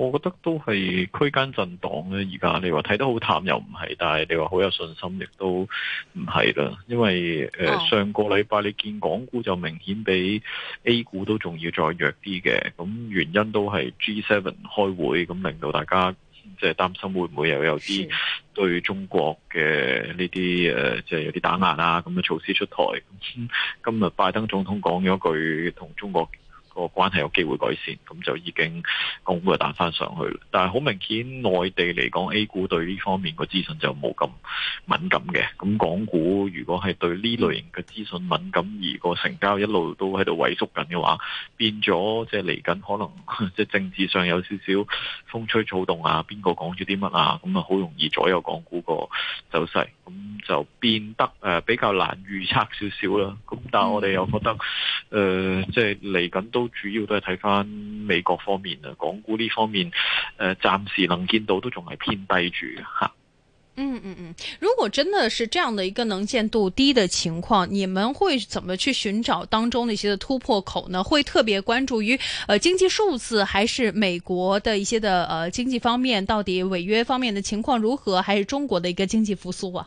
我覺得都係區間震盪咧、啊，而家你話睇得好淡又唔係，但係你話好有信心亦都唔係啦。因為誒、呃哦、上個禮拜你見港股就明顯比 A 股都仲要再弱啲嘅，咁原因都係 G7 開會，咁令到大家即係、呃就是、擔心會唔會又有啲對中國嘅呢啲誒，即、呃、係、就是、有啲打壓啊咁嘅措施出台。嗯、今日拜登總統講咗句同中國個關係有機會改善，咁就已經港股又彈翻上去啦。但係好明顯，內地嚟講，A 股對呢方面個資訊就冇咁敏感嘅。咁港股如果係對呢類型嘅資訊敏感，而個成交一路都喺度萎縮緊嘅話，變咗即係嚟緊可能即係政治上有少少風吹草動啊，邊個講咗啲乜啊，咁啊好容易左右港股個走勢。就變得誒比較難預測少少啦，咁但係我哋又覺得誒，即係嚟緊都主要都係睇返美國方面啦，港股呢方面誒暫時能見到都仲係偏低住嘅吓。嗯嗯嗯，如果真的是這樣的一個能見度低的情況，你們會怎麼去尋找當中的一些突破口呢？會特別關注於誒、呃、經濟數字，還是美國的一些的誒、呃、經濟方面到底違約方面的情況如何，還是中國的一個經濟復甦啊？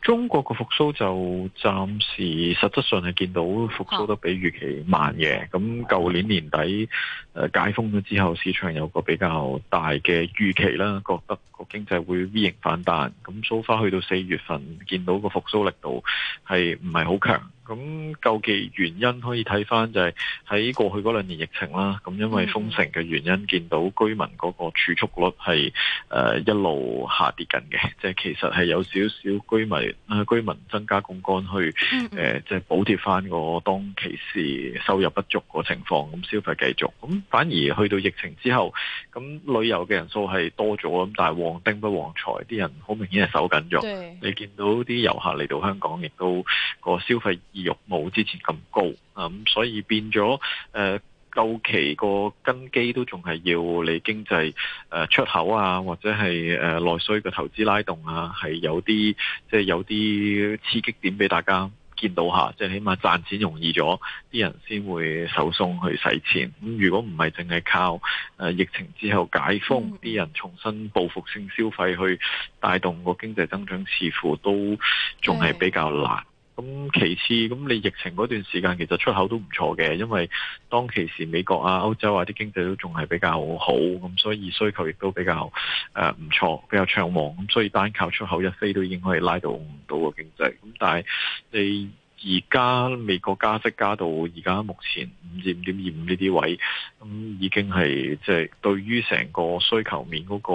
中國個復蘇就暫時實質上係見到復蘇得比預期慢嘅。咁舊年年底、呃、解封咗之後，市場有個比較大嘅預期啦，覺得個經濟會 V 型反彈。咁 so far 去到四月份，見到個復蘇力度係唔係好強。咁究其原因，可以睇返就係喺過去嗰兩年疫情啦。咁因為封城嘅原因，見到居民嗰個儲蓄率係誒、呃、一路下跌緊嘅。即係其實係有少少。居民啊，居民增加槓桿去誒，即係補貼翻個當其時收入不足個情況，咁消費繼續。咁反而去到疫情之後，咁旅遊嘅人數係多咗，咁但係旺丁不旺財，啲人好明顯係手緊咗。對你見到啲遊客嚟到香港，亦都個消費意欲冇之前咁高啊，咁、嗯、所以變咗誒。呃到期個根基都仲係要你經濟誒出口啊，或者係誒內需嘅投資拉動啊，係有啲即係有啲刺激點俾大家見到吓，即係起碼賺錢容易咗，啲人先會手鬆去使錢。咁如果唔係淨係靠誒疫情之後解封，啲、嗯、人重新報復性消費去帶動個經濟增長，似乎都仲係比較難。咁其次，咁你疫情嗰段時間其實出口都唔錯嘅，因為當其時美國啊、歐洲啊啲經濟都仲係比較好，咁所以需求亦都比較誒唔、呃、錯比較暢旺，咁所以單靠出口一飛都已經可以拉到唔到個經濟，咁但係你。而家美國加息加到而家目前五至五點二五呢啲位，咁已經係即係對於成個需求面嗰個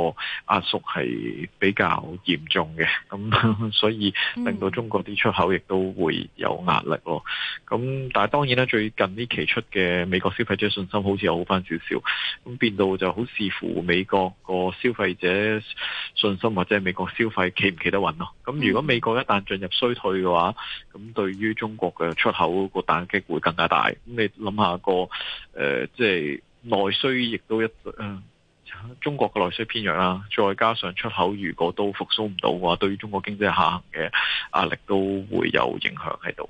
壓縮係比較嚴重嘅，咁 所以令到中國啲出口亦都會有壓力咯。咁、嗯、但係當然啦，最近呢期出嘅美國消費者信心好似又好翻少少，咁變到就好視乎美國個消費者信心或者美國消費企唔企得穩咯。咁、嗯、如果美國一旦進入衰退嘅話，咁對於。中國嘅出口個打擊會更加大，咁你諗下個誒、呃，即係內需亦都一誒、呃，中國嘅內需偏弱啦，再加上出口如果都復蘇唔到嘅話，對於中國經濟下行嘅壓力都會有影響喺度。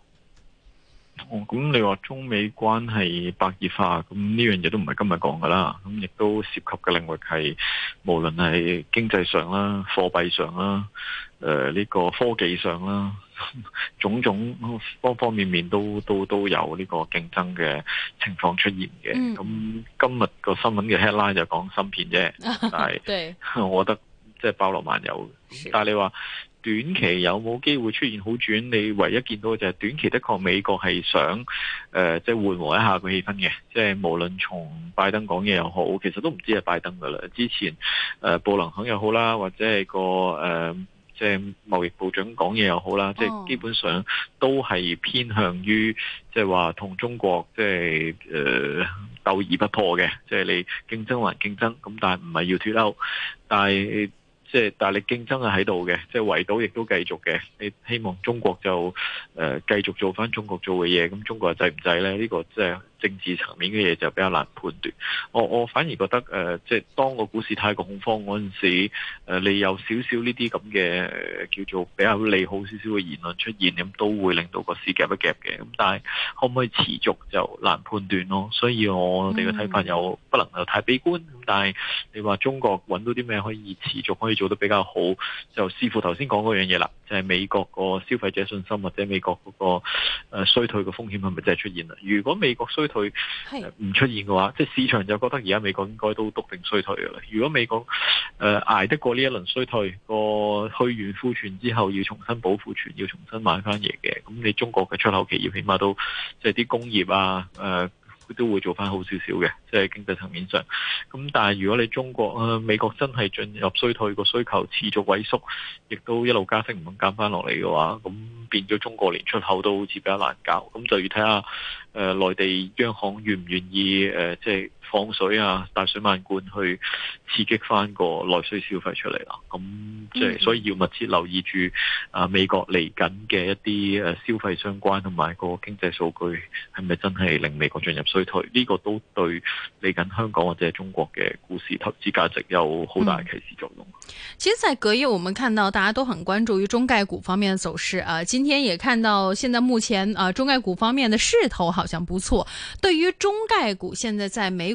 哦，咁你話中美關係白熱化，咁呢樣嘢都唔係今日講噶啦，咁亦都涉及嘅領域係無論係經濟上啦、貨幣上啦、誒、呃、呢、這個科技上啦，種種方方面面都都都有呢個競爭嘅情況出現嘅。咁、嗯、今日個新聞嘅 headline 就講芯片啫，但係 對 我覺得即係包羅萬有。但係你話。短期有冇機會出現好轉？你唯一見到嘅就係短期，的確美國係想誒，即、呃、係、就是、緩和一下個氣氛嘅。即、就、係、是、無論從拜登講嘢又好，其實都唔知係拜登噶啦。之前誒、呃、布林肯又好啦，或者係個誒即係貿易部長講嘢又好啦，即、就、係、是、基本上都係偏向於即係話同中國即係誒鬥而不破嘅。即、就、係、是、你競爭還競爭，咁但係唔係要脱歐，但係。即係大力競爭係喺度嘅，即係圍堵亦都繼續嘅。你希望中國就誒繼、呃、續做翻中國做嘅嘢，咁、嗯、中國制唔制咧？呢、這個真、就是。政治層面嘅嘢就比較難判斷。我我反而覺得誒，即係當個股市太過恐慌嗰陣時，誒，你有少少呢啲咁嘅叫做比較利好少少嘅言論出現，咁都會令到個市夾一夾嘅。咁但係可唔可以持續就難判斷咯。所以我哋嘅睇法又不能夠太悲觀。咁但係你話中國揾到啲咩可以持續可以做得比較好，就視乎頭先講嗰樣嘢啦，就係美國個消費者信心或者美國嗰個衰退嘅風險係咪真係出現啦？如果美國衰，退唔是出現嘅話，即係市場就覺得而家美國應該都篤定衰退嘅啦。如果美國誒、呃、捱得過呢一輪衰退，個去完庫存之後要重新補庫存，要重新買翻嘢嘅，咁你中國嘅出口企業起碼都即係啲工業啊誒。呃都會做翻好少少嘅，即係經濟層面上。咁但係如果你中國啊、呃、美國真係進入衰退，個需求持續萎縮，亦都一路加息唔肯減翻落嚟嘅話，咁變咗中國連出口都好似比較難搞。咁就要睇下誒內地央行願唔願意誒、呃、即係。放水啊，大水漫灌去刺激翻個內需消費出嚟啦。咁即係，嗯、所以要密切留意住啊美國嚟緊嘅一啲誒消費相關同埋個經濟數據，係咪真係令美國進入衰退？呢個都對嚟緊香港或者中國嘅股市投資價值有好大嘅啟示作用。其實、嗯，在隔夜我們看到大家都很關注於中概股方面嘅走勢啊。今天也看到，現在目前啊中概股方面的勢頭好像不錯。對於中概股，現在在美，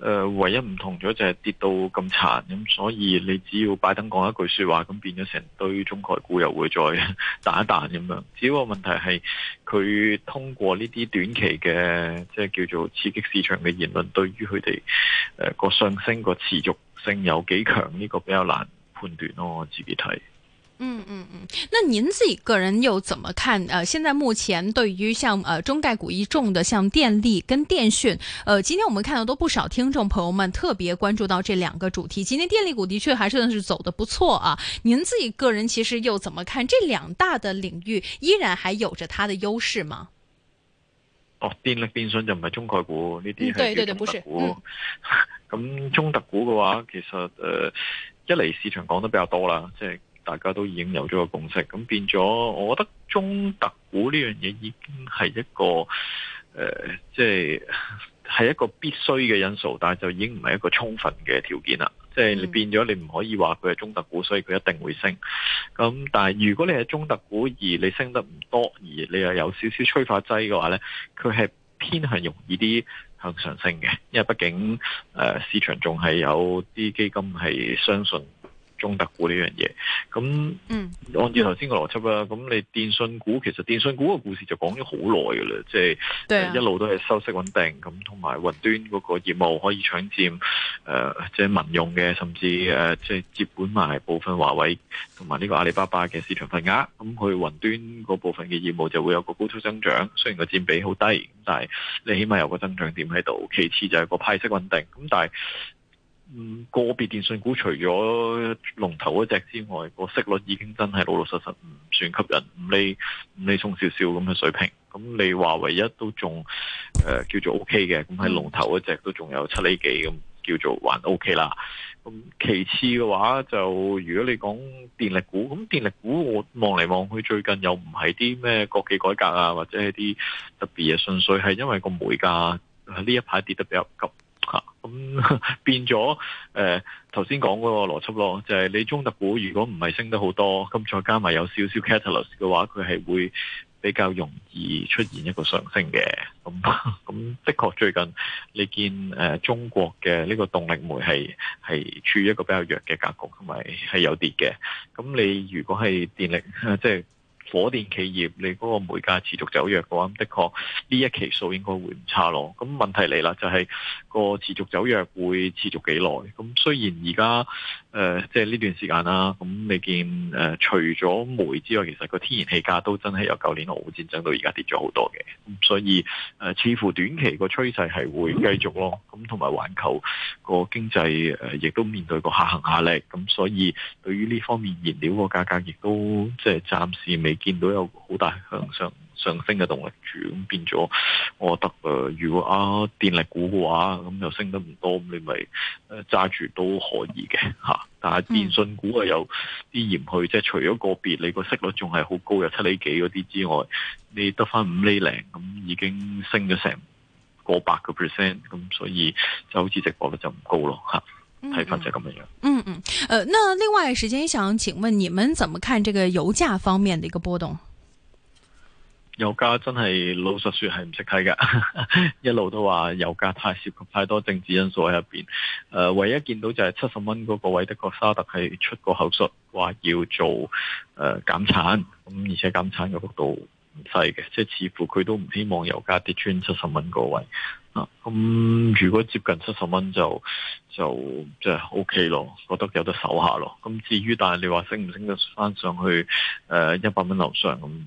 誒、呃、唯一唔同咗就係跌到咁殘，咁、嗯、所以你只要拜登講一句説話，咁變咗成堆中概股又會再彈一彈咁樣。只不過問題係佢通過呢啲短期嘅，即係叫做刺激市場嘅言論，對於佢哋誒個上升個持續性有幾強？呢、這個比較難判斷咯，我自己睇。嗯嗯嗯，那您自己個人又怎麼看？誒、呃，現在目前對於像誒、呃、中概股一眾的，像電力跟電訊，呃，今天我們看到都不少聽眾朋友們特別關注到這兩個主題。今天電力股的確還是算是走得不錯啊。您自己個人其實又怎麼看這兩大的領域，依然還有着它的優勢嗎？哦，電力、電信就唔係中概股呢啲係中特股、嗯，對對對，不是。咁、嗯、 中特股嘅話，其實呃，一嚟市場講得比較多啦，即係。大家都已經有咗個共識，咁變咗，我覺得中特股呢樣嘢已經係一個，誒、呃，即係係一個必須嘅因素，但係就已經唔係一個充分嘅條件啦。即係你變咗，你唔可以話佢係中特股，所以佢一定會升。咁但係如果你係中特股而你升得唔多，而你又有少少催化劑嘅話呢，佢係偏向容易啲向上升嘅，因為畢竟、呃、市場仲係有啲基金係相信。中特股呢樣嘢，咁、嗯、按照頭先嘅邏輯啦，咁、嗯、你電信股其實，電信股個故事就講咗好耐噶啦，即係、即係、係啊、一路都係收息穩定，咁同埋雲端嗰個業務可以搶佔，誒即係民用嘅，甚至誒即係接管埋部分華為同埋呢個阿里巴巴嘅市場份額，咁佢雲端嗰部分嘅業務就會有個高速增長，雖然個佔比好低，咁但係你起碼有個增長點喺度。其次就係個派息穩定，咁但係。嗯，個別電信股除咗龍頭嗰隻之外，個息率已經真係老老實實唔算吸引，五厘五厘鬆少少咁嘅水平。咁你話唯一都仲誒叫做 O K 嘅，咁喺龍頭嗰隻都仲有七厘幾咁，叫做、OK、還 O K 啦。咁、OK、其次嘅話，就如果你講電力股，咁電力股我望嚟望去最近又唔係啲咩國企改革啊，或者係啲特別嘅，純粹係因為個煤價呢一排跌得比較急。咁、嗯、變咗誒頭先講嗰個邏輯咯，就係、是、你中特股如果唔係升得好多，咁再加埋有少少 catalyst 嘅話，佢係會比較容易出現一個上升嘅。咁、嗯、咁、 嗯、的確最近你見誒、呃、中國嘅呢個動力煤係係處於一個比較弱嘅格局，同埋係有跌嘅。咁你如果係電力 即係。火電企業，你嗰個煤價持續走弱嘅話，咁的確呢一期數應該會唔差咯。咁問題嚟啦，就係個持續走弱會持續幾耐？咁雖然而家。誒，即係呢段時間啦，咁你見誒，除咗煤之外，其實個天然氣價都真係由舊年俄烏戰爭到而家跌咗好多嘅，咁所以誒，似乎短期個趨勢係會繼續咯，咁同埋環球個經濟誒，亦都面對個下行壓力，咁所以對於呢方面燃料個價格亦都即係暫時未見到有好大向上上升嘅動力住，咁變咗，我覺得誒，如果啊電力股嘅話，咁又升得唔多，咁你咪揸住都可以嘅吓。嗯、但係電信股啊，有啲嫌去，即係除咗個別你個息率仲係好高，有七厘幾嗰啲之外，你得返五厘零，咁已經升咗成過百個 percent，咁所以就好似直播率就唔高咯，吓睇法就咁樣樣。嗯嗯，誒、嗯嗯呃，那另外時間想請問你們怎麼看這個油價方面的一個波動？油價真係老實説係唔識睇嘅， 一路都話油價太涉及太多政治因素喺入邊。唯一見到就係七十蚊嗰個位，的確沙特係出過口術話要做誒、呃、減產，咁、嗯、而且減產嘅幅度唔細嘅，即、就、係、是、似乎佢都唔希望油價跌穿七十蚊嗰位。咁、啊嗯、如果接近七十蚊就就即係 O K 咯，覺得有得守下咯。咁、嗯、至於但係你話升唔升得翻上去一百蚊樓上咁？嗯。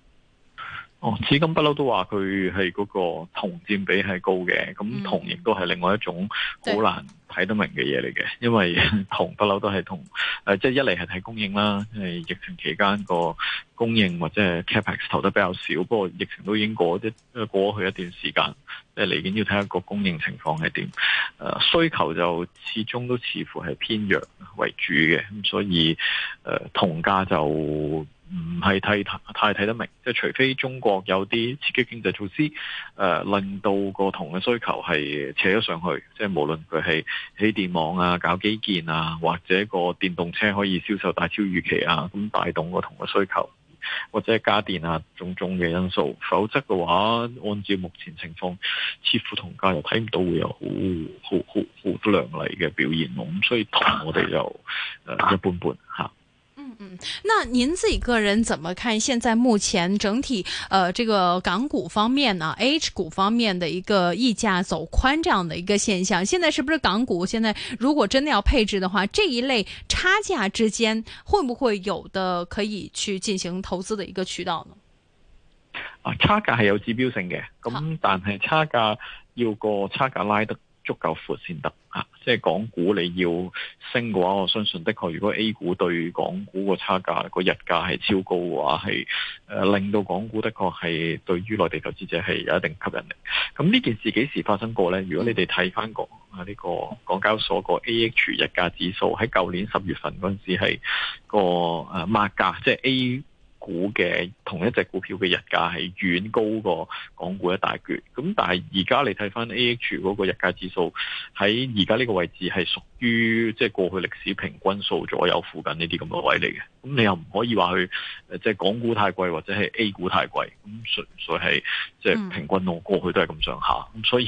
哦，紫金不嬲都話佢係嗰個銅佔比係高嘅，咁、嗯、銅亦都係另外一種好難睇得明嘅嘢嚟嘅，對因為銅不嬲都係同誒，即係一嚟係睇供應啦，因為誒疫情期間個供應或者係 capex 投得比較少，不過疫情都已經過一過去一段時間，即係嚟緊要睇下個供應情況係點。誒、呃、需求就始終都似乎係偏弱為主嘅，咁所以誒、呃、銅價就。唔係太太睇得明，即係除非中國有啲刺激經濟措施，誒、呃、令到個銅嘅需求係扯咗上去，即係無論佢係起電網啊、搞基建啊，或者個電動車可以銷售大超預期啊，咁帶動個銅嘅需求，或者家電啊，種種嘅因素。否則嘅話，按照目前情況，似乎銅價又睇唔到會有好好好好靚麗嘅表現，咁、嗯、所以同我哋就誒一般般吓。啊。嗯，那您自己個人怎麼看？現在目前整體，呃，這個港股方面呢、啊、H 股方面的一個溢價走寬這樣的一個現象，現在是不是港股？現在如果真的要配置的話，這一類差價之間會不會有的可以去進行投資的一個渠道呢？啊，差價係有指標性嘅，咁好但係差價要過差價拉得。足夠闊先得啊！即係港股你要升嘅話，我相信的確，如果 A 股對港股個差價個日價係超高嘅話，係誒、呃、令到港股的確係對於內地投資者係有一定吸引力。咁、啊、呢件事幾時發生過呢？如果你哋睇翻個啊呢、呢個港交所個 AH 日價指數喺舊年十月份嗰陣時係個誒麥價，即係 A。股嘅同一隻股票嘅溢價係遠高過港股一大橛，咁但係而家你睇翻 A H 嗰個溢價指數喺而家呢個位置係屬於即係過去歷史平均數左右附近呢啲咁嘅位嚟嘅，咁你又唔可以話去即係、就是、港股太貴或者係 A 股太貴，咁純粹係即係平均咯，過去都係咁上下，咁所以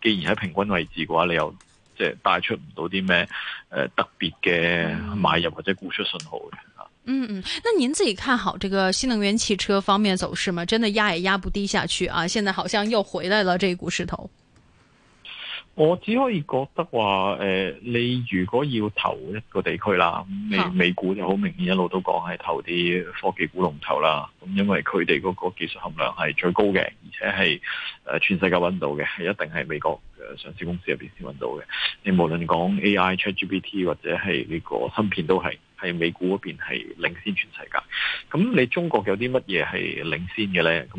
既然喺平均位置嘅話，你又即係帶出唔到啲咩特別嘅買入或者沽出信號嘅。嗯嗯，那您自己看好這個新能源汽車方面走勢嗎？真的壓也壓不低下去啊！現在好像又回來了這一股勢頭。我只可以覺得話，誒、呃，你如果要投一個地區啦，美美股就好明顯一路都講係投啲科技股龍頭啦。咁因為佢哋嗰個技術含量係最高嘅，而且係誒全世界揾到嘅，係一定係美國誒上市公司入邊先揾到嘅。你無論講 A I、Chat GPT 或者係呢個芯片都係。係美股嗰邊係領先全世界，咁你中國有啲乜嘢係領先嘅呢？咁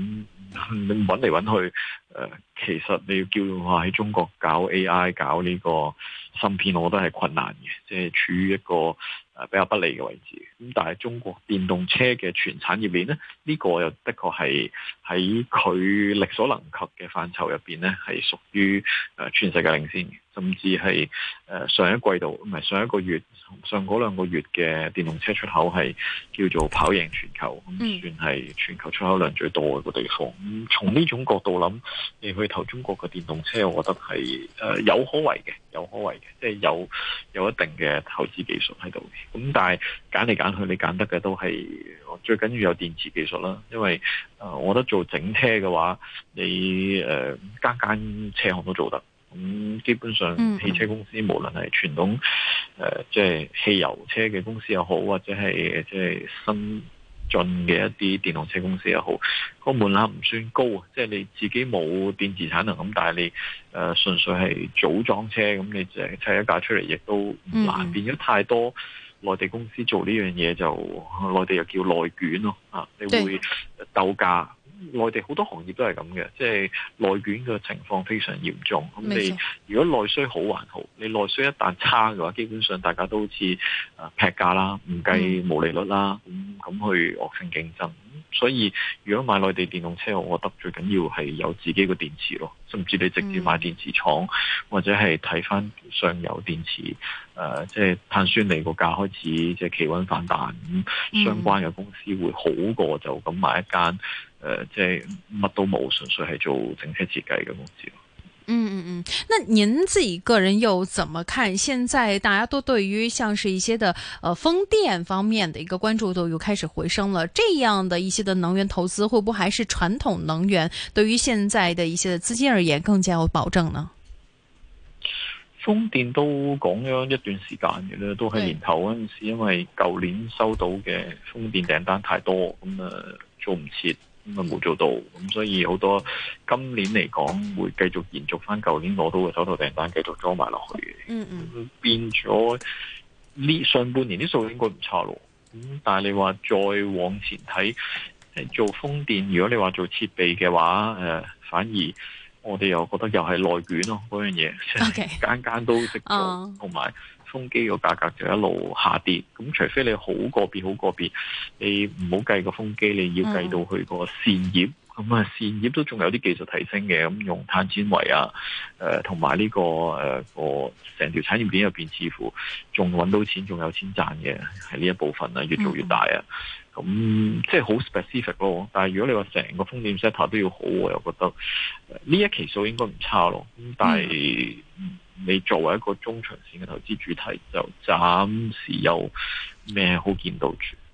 你揾嚟揾去，誒、呃，其實你要叫話喺中國搞 AI、搞呢個芯片，我覺得係困難嘅，即、就、係、是、處於一個誒比較不利嘅位置。咁但係中國電動車嘅全產業鏈呢，呢、這個又的確係喺佢力所能及嘅範疇入邊呢，係屬於誒全世界領先嘅，甚至係誒上一季度唔係上一個月。上嗰兩個月嘅電動車出口係叫做跑贏全球，咁、嗯、算係全球出口量最多嘅個地方。咁、嗯、從呢種角度諗，你、呃、去投中國嘅電動車，我覺得係誒有可為嘅，有可為嘅，即係有有一定嘅投資技術喺度，咁但係揀嚟揀去，你揀得嘅都係最緊要有電池技術啦。因為誒、呃，我覺得做整車嘅話，你誒間、呃、間車行都做得。咁基本上，汽車公司、嗯、無論係傳統誒，即、呃、係、就是、汽油車嘅公司又好，或者係即係新進嘅一啲電動車公司又好，個門檻唔算高啊！即、就、係、是、你自己冇電子產能，咁但係你誒、呃、純粹係組裝車，咁你即係砌一架出嚟，亦都唔難。嗯、變咗太多內地公司做呢樣嘢，就內地又叫內卷咯啊！你會鬥價。內地好多行業都係咁嘅，即係內卷嘅情況非常嚴重。咁你如果內需好還好，你內需一旦差嘅話，基本上大家都好似啊劈價啦，唔計毛利率啦，咁咁、嗯嗯、去惡性競爭。所以如果買內地電動車，我覺得最緊要係有自己嘅電池咯，甚至你直接買電池廠，嗯、或者係睇翻上游電池。誒、呃，即、就、係、是、碳酸鋰個價開始即係企穩反彈，咁、嗯、相關嘅公司會好過就咁買一間。呃、即係乜都冇，純粹係做整車設計嘅公司。嗯嗯嗯，那您自己個人又怎麼看？現在大家都對於像是一些的，誒、呃，風電方面的一個關注度又開始回升了。這樣的一些的能源投資，會不會還是傳統能源對於現在的一些資金而言更加有保證呢？風電都講咗一段時間嘅咧，都係年頭嗰陣時，對因為舊年收到嘅風電訂單太多，咁、嗯、啊、呃、做唔切。咁啊冇做到，咁所以好多今年嚟講會繼續延續返舊年攞到嘅手頭訂單，繼續裝埋落去。嗯嗯，變咗呢上半年啲數應該唔差咯。咁但係你話再往前睇，做風電，如果你話做設備嘅話，誒、呃，反而我哋又覺得又係內卷咯，嗰樣嘢，間間 Okay. 都識做，同埋、oh.。風機個價格就一路下跌，咁除非你好個別好個別，你唔好計個風機，你要計到佢個扇葉，咁啊扇葉都仲有啲技術提升嘅，咁用碳纖維啊，誒同埋呢個誒、呃、個成條產業鏈入邊，似乎仲搵到錢，仲有錢賺嘅，係呢一部分啊，越做越大啊。嗯咁、嗯、即係好 specific 咯，但係如果你話成個風險 set 都要好，我又覺得呢一期數應該唔差咯。咁但係你作為一個中長線嘅投資主題，就暫時有咩好見到住？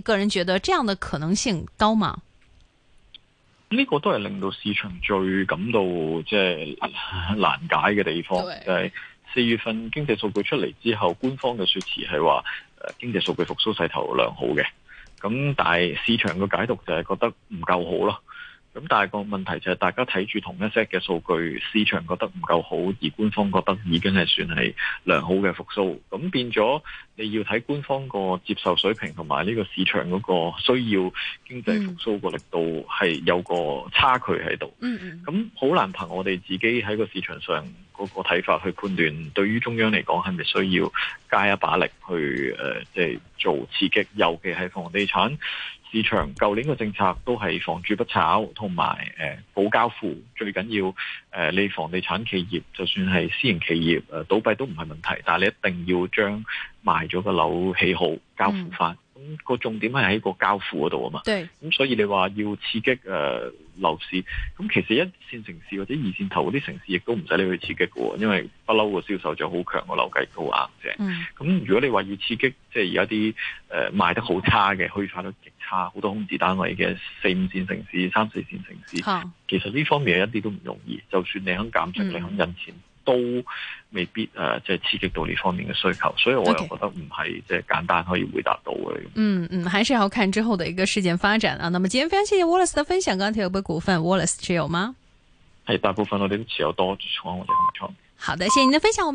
個人覺得這樣的可能性高嗎？呢個都係令到市場最感到即係難解嘅地方， 就係四月份經濟數據出嚟之後，官方嘅說辭係話，誒經濟數據復蘇勢頭良好嘅，咁但係市場嘅解讀就係覺得唔夠好咯。咁但係個問題就係大家睇住同一 set 嘅數據，市場覺得唔夠好，而官方覺得已經係算係良好嘅復甦，咁變咗你要睇官方個接受水平同埋呢個市場嗰個需要經濟復甦個力度係有個差距喺度。嗯嗯。咁好難憑我哋自己喺個市場上嗰個睇法去判斷對於中央嚟講，係咪需要加一把力去誒，即係做刺激，尤其係房地產。市場舊年嘅政策都係房住不炒，同埋誒保交付，最緊要誒、呃、你房地產企業就算係私營企業誒、呃、倒閉都唔係問題，但係你一定要將賣咗個樓起好交付翻。嗯咁個重點係喺個交付嗰度啊嘛，咁對所以你話要刺激誒樓、呃、市，咁其實一線城市或者二線頭嗰啲城市亦都唔使你去刺激嘅、哦，因為不嬲個銷售就好強，個樓價好硬淨啫。咁、嗯、如果你話要刺激，即係而家啲誒賣得好差嘅，去化得極差，好多空置單位嘅四五線城市、三四線城市，啊、其實呢方面係一啲都唔容易。就算你肯減息，嗯、你肯印錢。都未必誒、呃，即係刺激到呢方面嘅需求，所以我又覺得唔係，Okay. 即係簡單可以回答到嘅。嗯嗯，還是要看之後嘅一個事件發展啊。那麼，今天非常謝謝 Wallace 的分享，剛才有冇股份 Wallace 持有嗎？係，大部分我哋都持有多住倉嘅，好倉。好的，謝謝您的分享。